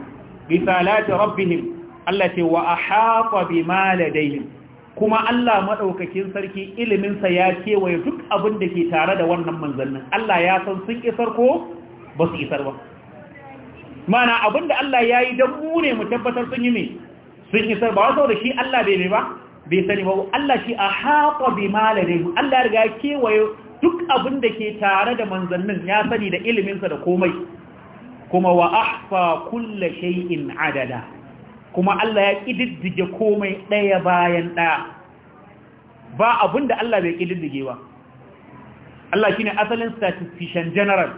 bi salati rabbihim Allah ce wa ahata bima ladayhim kuma Allah madaukakin sarki iliminsa ya kewaye duk abin da ke tare da wannan manzannin Allah ya san sun isar ko ba su isar ba mana da Allah ya yi don mu ne mu tabbatar sun yi mai sun isar ba wasu da shi Allah bai ne ba bai sani ba Allah shi a haƙa bi malarin Allah riga kewaye duk abin da ke tare da manzannin ya sani da iliminsa da komai kuma wa ahfa kulla shay'in adada kuma Allah ya kididdige komai ɗaya bayan ɗaya ba abin da Allah bai ƙididdige ba Allah shine asalin statistician general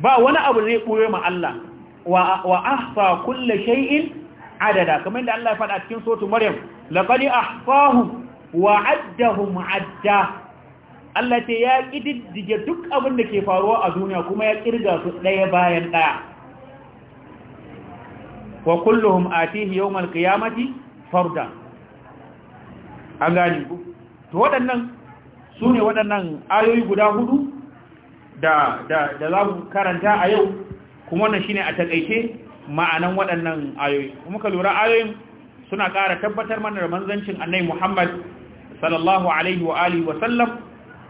ba wani abu zai ɓoye ma Allah wa ahsa kulle shay'in adada kamar da Allah ya faɗa cikin sotu Maryam laqad ahsahum wa addahum adda Allah ce ya kididdige duk abin da ke faruwa a duniya kuma ya kirga su ɗaya bayan ɗaya wa kulluhum atihi yawmal qiyamati farda an gani to waɗannan su ne waɗannan ayoyi guda hudu da za ku karanta a yau kuma wannan shine a takaice ma'anan waɗannan ayoyi kuma ka lura ayoyin suna ƙara tabbatar mana da manzancin annai muhammad sallallahu alaihi wa alihi wa sallam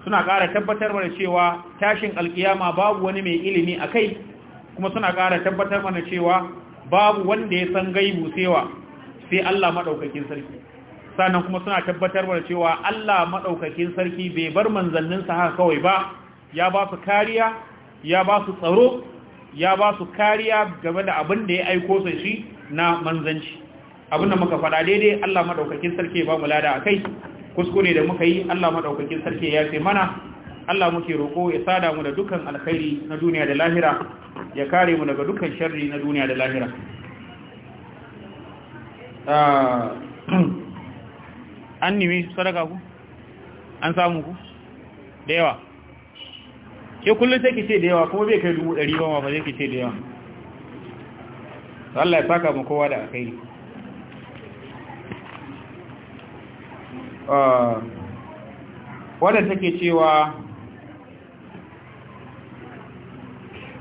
suna ƙara tabbatar mana cewa tashin alkiyama babu wani mai ilimi a kai kuma suna ƙara tabbatar mana cewa babu wanda ya san gaibu sewa sai Allah maɗaukakin sarki sannan kuma suna tabbatar mana cewa Allah maɗaukakin sarki bai bar manzanninsa haka kawai ba ya ba su kariya ya ba su tsaro ya ba su kariya game da abin da ya aiko sai shi na manzanci abin da muka faɗa daidai Allah madaukakin sarki ba mu lada akai kuskure da muka yi Allah madaukakin sarki ya ce mana Allah muke roƙo ya sada mu da dukkan alkhairi na duniya da lahira ya kare mu daga dukkan sharri na duniya da lahira ah, an nimi sadaka ku an samu ku da yawa ke kullum sai ki ce da yawa kuma bai kai dubu ɗari ba ba zai ki ce da yawa Allah ya saka mu kowa da akai ah, wadda take cewa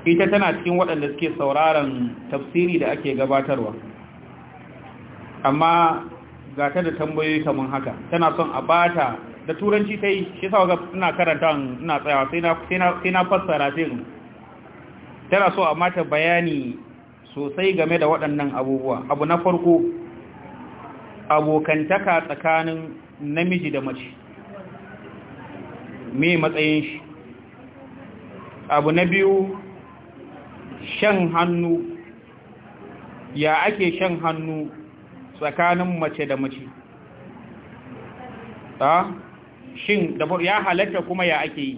ita tana cikin waɗanda suke sauraron tafsiri da ake gabatarwa amma ga ta da tambayoyi kamar haka tana son a bata da turanci sai shi sa ga ina karanta ina tsayawa sai na sai sai na fassara sai tana so a mata bayani sosai game da waɗannan abubuwa abu na farko abokantaka tsakanin namiji da mace mai matsayin shi abu na biyu shan hannu ya ake shan hannu tsakanin mace da mace ta shin ya halatta kuma ya ake yi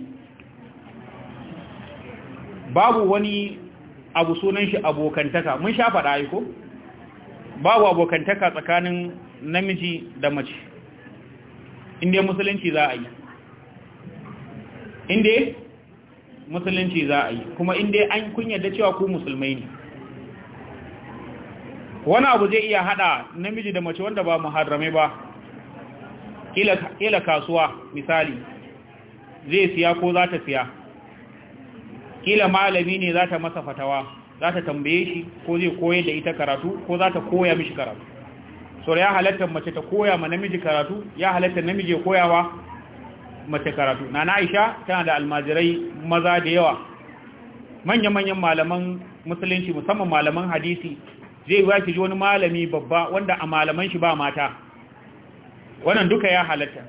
babu wani abu sunan shi abokantaka mun sha faɗa ko babu abokantaka tsakanin namiji da mace inda musulunci za a yi inda musulunci za a yi kuma inda an kun yarda cewa ku musulmai ne wani abu zai iya hada namiji da mace wanda ba muharrame ba kila kasuwa misali zai siya ko za ta siya kila malami ne za ta masa fatawa za ta tambaye shi ko zai koyar da ita karatu ko za ta koya mishi karatu so ya halatta mace ta koya ma namiji karatu ya halatta namiji koyawa mace karatu na Aisha tana da almajirai maza da yawa manya-manyan malaman musulunci musamman malaman hadisi zai yi ki ji wani malami babba wanda a malaman shi ba mata wannan duka ya halatta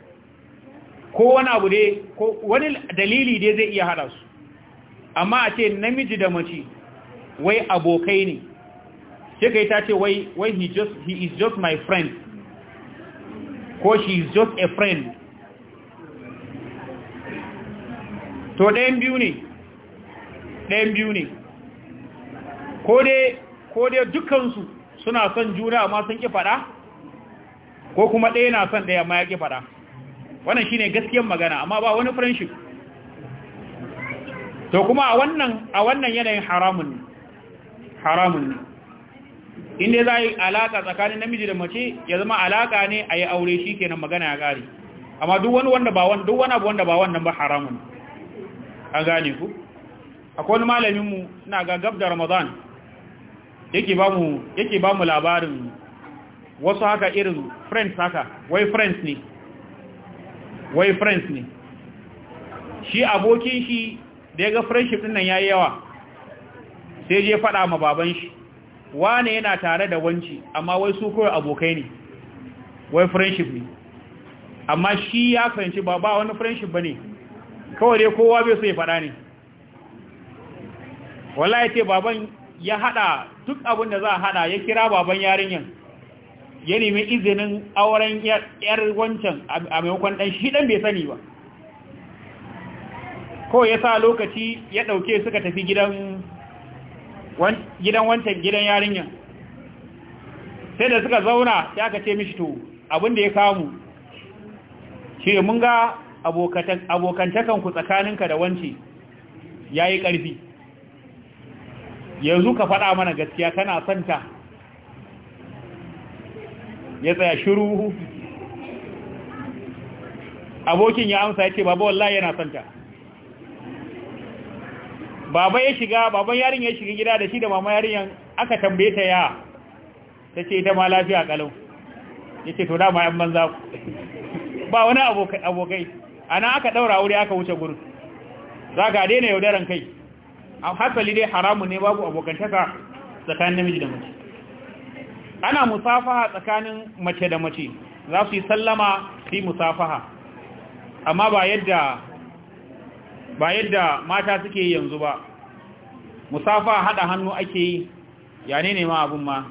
ko wani abu dai ko wani dalili dai zai iya hada su amma a ce namiji da mace wai abokai ne sai kai ta ce wai wai he just he is just my friend ko she is just a friend to ɗayan biyu ne ɗayan biyu ne ko dai ko dai dukansu suna son juna amma sun ki faɗa ko kuma ɗaya na son ɗaya ma ya ƙi faɗa wannan shi ne gaskiyar magana amma ba wani friendship to kuma a wannan a wannan yanayin haramun ne haramun ne inda za a yi alaƙa tsakanin namiji da mace ya zama alaƙa ne a yi aure shi kenan magana ya ƙari amma duk wani wanda ba wani duk wani abu wanda ba wannan ba haramun a gane ku akwai wani malaminmu suna ga gab da ramadan yake ba mu yake ba mu labarin wasu haka irin friends haka wai friends ne wai friends ne shi abokin shi da ya ga friendship din nan yayi yawa sai je faɗa ma baban shi wane yana tare da wanci amma wai su kawai abokai ne wai friendship ne amma shi ya fahimci ba ba wani friendship ba ne kawai dai kowa bai so ya faɗa ne wallahi ce baban ya haɗa duk abin da za a haɗa ya kira baban yarinyan ya nemi izinin auren yar wancan a maimakon ɗan shi ɗan bai sani ba ko ya sa lokaci ya ɗauke suka tafi gidan wancan gidan yarinyar? sai da suka zauna ya ka ce mishi to abinda ya kamu shi mun ga abokantakanku tsakaninka da wance ya yi ƙarfi yanzu ka faɗa mana gaskiya kana santa ya tsaya shiru abokin ya amsa ya ce baba wallahi yana santa baba ya shiga baban yarin ya shiga gida da shi da mama yarin aka tambaye ta ya ta ce ita ma lafiya kalau ya ce to dama yan banza ba wani abokai ana aka daura wuri aka wuce gurin za ka daina yaudaran kai hasali dai haramun ne babu abokantaka tsakanin namiji da mace ana musafaha tsakanin mace da mace za su yi sallama fi musafaha amma ba yadda ba yadda mata suke yanzu ba musafaha hada hannu ake yi ya ne ne ma abin ma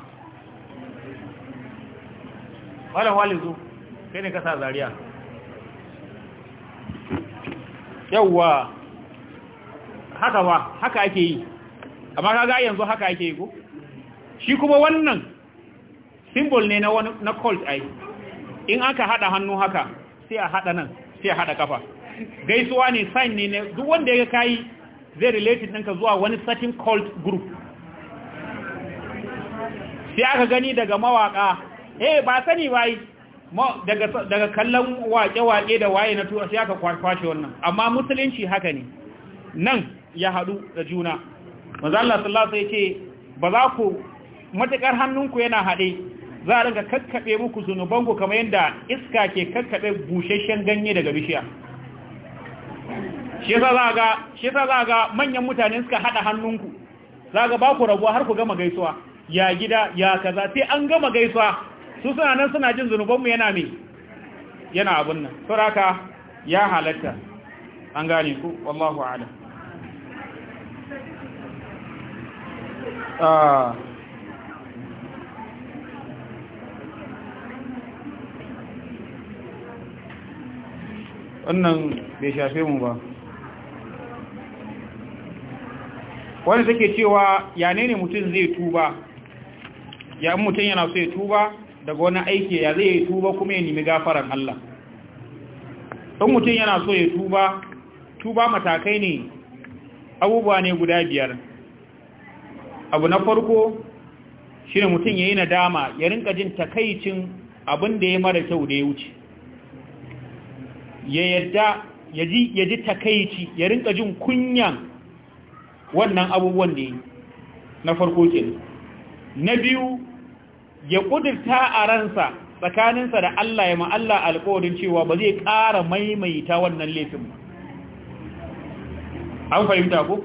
wadda zu sai ne kasa zariya yauwa haka ba haka ake yi amma ga yanzu haka ake yi ko shi kuma wannan Simbol ne na wani na cult ai in aka hada hannu haka sai a hada nan sai a hada kafa gaisuwa ne sign ne duk wanda ya kai zai related ɗinka zuwa wani certain cult group sai aka gani daga mawaka eh ba sani bai daga daga kallon wake-wake da waye na tuwa sai aka kwashe wannan amma musulunci haka ne nan ya hadu da juna manzo Allah sallallahu alaihi wasallam ba za ku matakar hannunku yana haɗe za a rinka kakkaɓe muku zunubanku kamar yadda iska ke kakkaɓe bushashen ganye daga bishiya shi yasa za ga manyan mutane suka haɗa hannunku za ga baku ku rabuwa har ku gama gaisuwa ya gida ya kaza sai an gama gaisuwa su suna nan suna jin zunubanmu yana mai yana abin nan suraka ya halatta an gane ku wallahu wannan bai shafe mu ba wanda take cewa ya ne ne mutum zai tuba ya mutum yana so ya tuba daga wani aiki ya zai tuba kuma ya nemi gafaran Allah in mutum yana so ya tuba tuba matakai ne abubuwa ne guda biyar abu na farko shi ne mutum ya yi nadama ya rinka jin takaicin abin da ya mara kyau da ya wuce ya yadda ya ji ya ji takaici ya rinka jin kunyan wannan abubuwan da na farko ke na biyu ya kudurta a ransa tsakaninsa da Allah ya ma'alla alƙawarin cewa ba zai ƙara maimaita wannan laifin ba an fahimta ko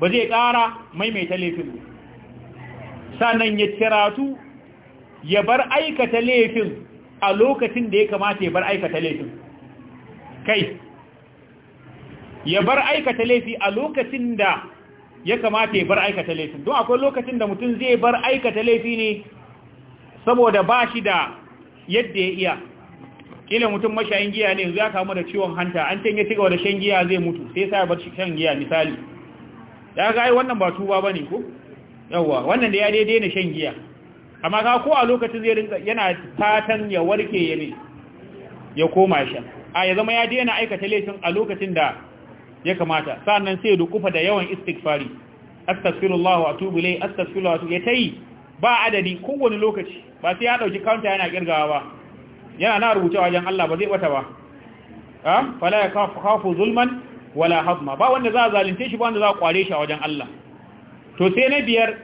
ba zai ƙara maimaita laifin ba sannan ya ciratu ya bar aikata laifin a lokacin da ya kamata ya bar aikata laifin kai ya bar aikata laifi a lokacin da ya kamata ya bar aikata laifin don akwai lokacin da mutum zai bar aikata laifi ne saboda ba shi da yadda ya iya kila mutum mashayin giya ne ya kamu da ciwon hanta an can ya ci gaba da shan giya zai mutu sai sa bar shan giya misali ya ga ai wannan ba tuba bane ko yawa wannan da ya daidai na shan giya amma ga ko a lokacin zai rinka yana fatan ya warke ya ne ya koma shan a ya zama ya daina aikata laifin a lokacin da ya kamata sannan sai dukufa da yawan istighfari astaghfirullah wa atubu ilayhi astaghfirullah wa atubu ya tayi ba adadi kowane lokaci ba sai ya dauki counter yana kirgawa ba yana na rubuta wajen Allah ba zai bata ba ha fala yakhafu zulman wala hadma ba wanda za zalunce shi ba wanda za kware shi a wajen Allah to sai na biyar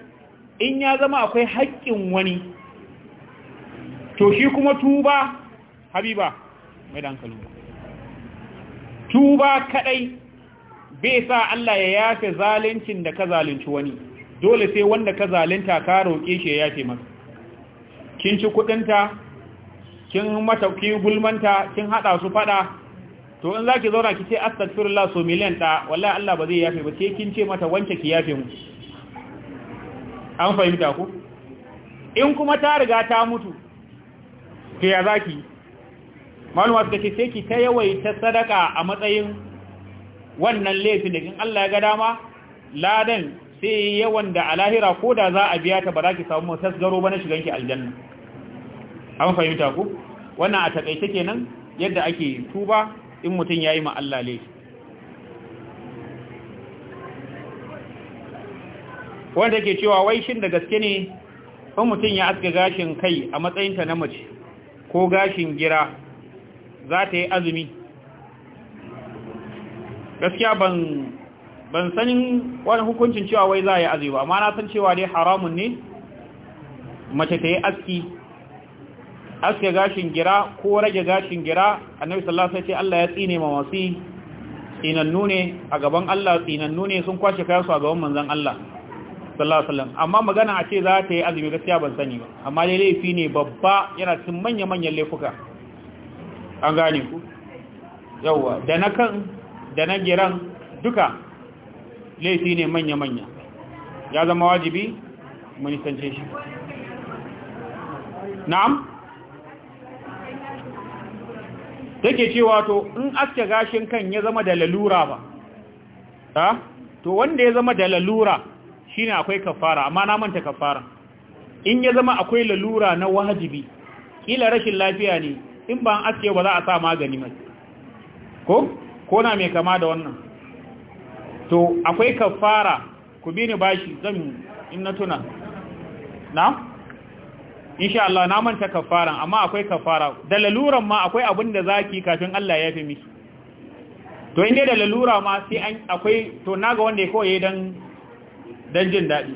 in ya zama akwai haƙƙin wani to shi kuma tuba habiba mai tuba kadai bai sa Allah ya yafe zaluncin da ka zalunci wani dole sai wanda ka zalunta ka roƙe shi ya yafe maka kin ci kudinta kin mata ki gulmanta kin hada su fada to in zaki zauna ki ce astaghfirullah so miliyan da wallahi Allah ba zai yafe ba sai kin ce mata wance ki yafe mu an fahimta ku in kuma ta riga ta mutu ke ya zaki malama suka ce sai ki ta yawaita sadaka a matsayin wannan laifin da in Allah ya ga dama ladan sai yawan da a lahira ko da za a biya ta ba za ki samu tasgaro ba na shiganki aljanna an fahimta ku wannan a takaice kenan yadda ake tuba in mutum ya yi ma Allah laifi wanda ke cewa wai shin da gaske ne in mutum ya aske gashin kai a matsayin ta na mace ko gashin gira za ta yi azumi gaskiya ban ban sanin wani hukuncin cewa wai za a yi azumi ba amma na san cewa dai haramun ne mace ta yi aski aske gashin gira ko rage gashin gira annabi sallallahu alaihi ce Allah ya tsine ma masu tsinannu ne a gaban Allah tsinannu ne sun kwashe kayansu a gaban manzon Allah sallallahu alaihi wasallam amma magana a ce za ta yi azumi gaskiya ban sani ba amma dai laifi ne babba yana cikin manya-manyan laifuka an gane ku yawwa da na kan da na giran duka laifi ne manya-manya ya zama wajibi munisance shi na'am take cewa to in aske gashin kan ya zama da lalura ba ta to wanda ya zama da lalura shi ne akwai kafara amma na manta kafara in ya zama akwai lalura na wajibi kila rashin lafiya ne in ba an aske ba za a sa magani mai ko ko na mai kama da wannan to akwai kafara ku bi ni bashi zan in na tuna na insha Allah na manta kafaran amma akwai kafara da laluran ma akwai abin da zaki kafin Allah ya fi miki to inda da lalura ma sai an akwai to naga wanda ya ya dan dan jin dadi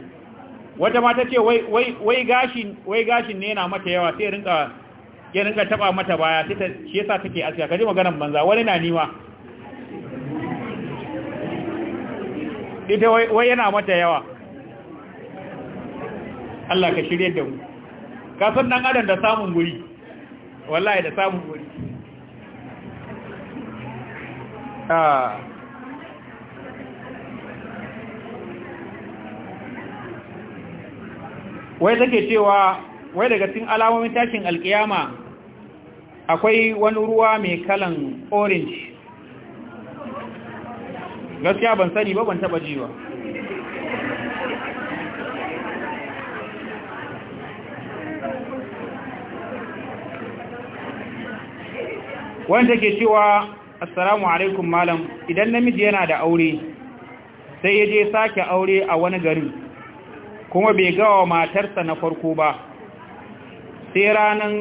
wata ta ce wai wai wai gashin wai ne yana mata yawa sai rinka ya ringa taba mata baya sai shi yasa take asiya kaje maganar banza wani na niwa ita wai yana mata yawa Allah ka shirye da mu ka san dan adam da samun guri wallahi da samun guri ah wai take cewa wai daga cikin alamomin tashin alkiyama akwai wani ruwa mai kalan orange gaskiya ban sani ba ban taba jiwa wanda ke cewa assalamu alaikum malam idan namiji yana da aure sai ya je sake aure a wani garin kuma bai gawa matarsa na farko ba sai ranan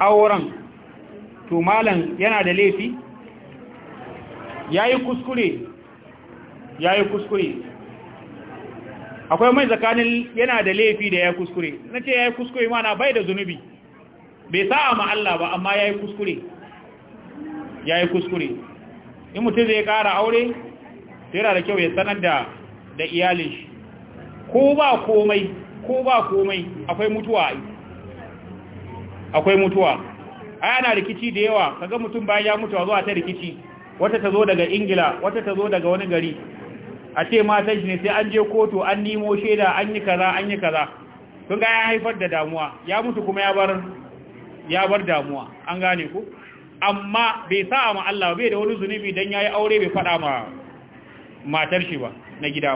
auren to malam yana da laifi yayi kuskure yayi kuskure akwai mai tsakanin yana da laifi da ya kuskure nace yayi kuskure mana bai da zunubi bai sa'a ma Allah ba amma yayi kuskure yayi kuskure in mutum zai kara aure yana da kyau ya sanar da da iyalin shi ko ba komai ko ba komai akwai mutuwa akwai mutuwa ai ana rikici da yawa kaga mutum bayan ya mutu zuwa ta rikici wata ta zo daga ingila wata ta zo daga wani gari a ce matan shi ne sai an je kotu an nemo shaida an yi kaza an yi kaza kun ga ya haifar da damuwa ya mutu kuma ya bar ya bar damuwa an gane ku amma bai sa ma Allah bai da wani zunubi dan yayi aure bai fada ma matar shi ba na gida